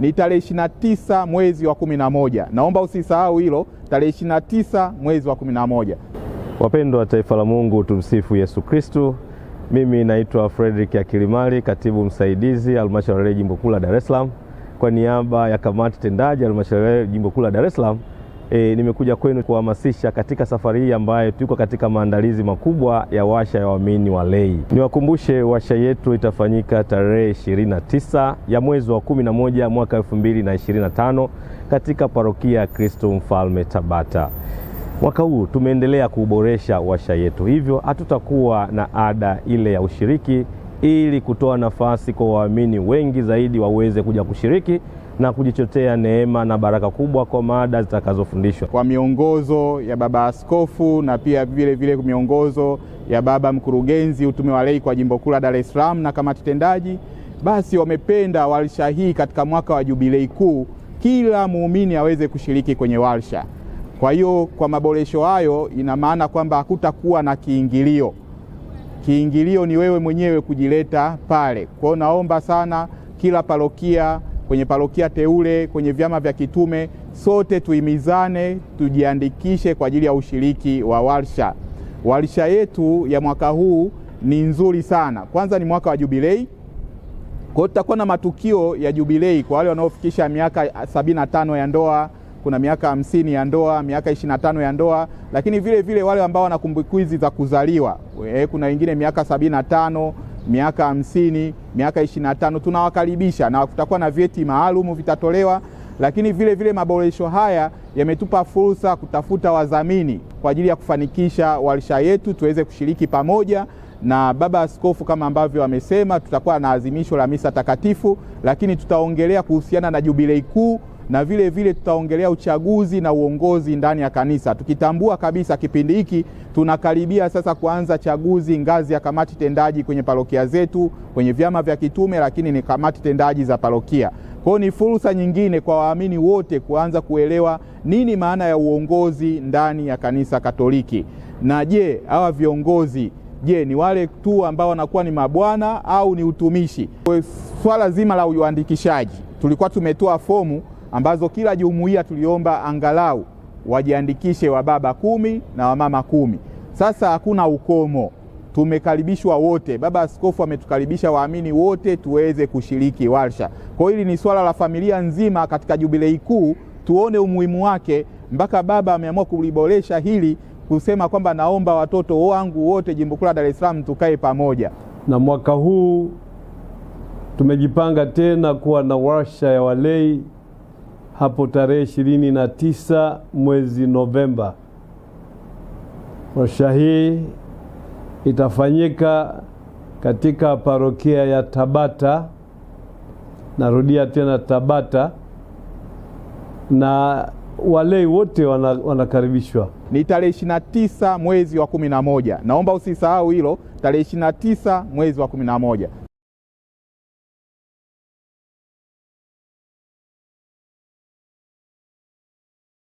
ni tarehe 29 mwezi wa 11. Naomba usisahau hilo, tarehe 29 mwezi wa 11. Wapendwa wa taifa la Mungu, tumsifu Yesu Kristu. Mimi naitwa Frederick Akilimali, katibu msaidizi halmashauri ya jimbo kuu la Dar es Salaam, kwa niaba ya kamati tendaji halmashauri ya jimbo kuu la Dar es Salaam e, nimekuja kwenu kuhamasisha katika safari hii ambayo tuko katika maandalizi makubwa ya washa ya waamini wa lei. Niwakumbushe washa yetu itafanyika tarehe 29 ya mwezi wa 11 mwaka 2025 katika parokia ya Kristo Mfalme Tabata. Mwaka huu tumeendelea kuboresha washa yetu, hivyo hatutakuwa na ada ile ya ushiriki ili kutoa nafasi kwa waamini wengi zaidi waweze kuja kushiriki na kujichotea neema na baraka kubwa kwa mada zitakazofundishwa kwa miongozo ya Baba Askofu na pia vile vile miongozo ya Baba Mkurugenzi Utume wa Lei kwa Jimbo Kuu la Dar es Salaam na kamati tendaji. Basi wamependa warsha hii katika mwaka wa Jubilei Kuu kila muumini aweze kushiriki kwenye warsha. Kwa hiyo kwa maboresho hayo, ina maana kwamba hakutakuwa na kiingilio. Kiingilio ni wewe mwenyewe kujileta pale. Kwa hiyo naomba sana kila parokia kwenye parokia teule, kwenye vyama vya kitume, sote tuimizane, tujiandikishe kwa ajili ya ushiriki wa warsha. Warsha yetu ya mwaka huu ni nzuri sana. Kwanza ni mwaka wa jubilei, kwa hiyo tutakuwa na matukio ya jubilei kwa wale wanaofikisha miaka sabini tano ya ndoa kuna miaka hamsini ya ndoa, miaka ishirini na tano ya ndoa, lakini vile vile wale ambao wana kumbukizi za kuzaliwa, eh, kuna wengine miaka sabini na tano miaka hamsini, miaka ishirini na tano tunawakaribisha na kutakuwa na vyeti maalumu vitatolewa. Lakini vile vile maboresho haya yametupa fursa kutafuta wadhamini kwa ajili ya kufanikisha warsha yetu tuweze kushiriki pamoja na Baba Askofu kama ambavyo amesema, tutakuwa na adhimisho la misa takatifu, lakini tutaongelea kuhusiana na jubilei kuu na vile vile tutaongelea uchaguzi na uongozi ndani ya kanisa, tukitambua kabisa kipindi hiki tunakaribia sasa kuanza chaguzi ngazi ya kamati tendaji kwenye parokia zetu, kwenye vyama vya kitume, lakini ni kamati tendaji za parokia. Kwa hiyo ni fursa nyingine kwa waamini wote kuanza kuelewa nini maana ya uongozi ndani ya kanisa Katoliki, na je, hawa viongozi je, ni wale tu ambao wanakuwa ni mabwana au ni utumishi? Kwa swala zima la uandikishaji tulikuwa tumetoa fomu ambazo kila jumuiya tuliomba angalau wajiandikishe wa baba kumi na wamama kumi. Sasa hakuna ukomo, tumekaribishwa wote. Baba Askofu ametukaribisha waamini wote tuweze kushiriki warsha. Kwa hili ni swala la familia nzima katika jubilei kuu, tuone umuhimu wake. Mpaka baba ameamua kuliboresha hili kusema kwamba naomba watoto wangu wote jimbo kuu la Dar es Salaam tukae pamoja. Na mwaka huu tumejipanga tena kuwa na warsha ya walei hapo tarehe ishirini na tisa mwezi Novemba. Warsha hii itafanyika katika parokia ya Tabata, narudia tena Tabata, na walei wote wanakaribishwa. Ni tarehe tisa mwezi wa kumi na moja Naomba usisahau hilo, tarehe tisa mwezi wa kumi na moja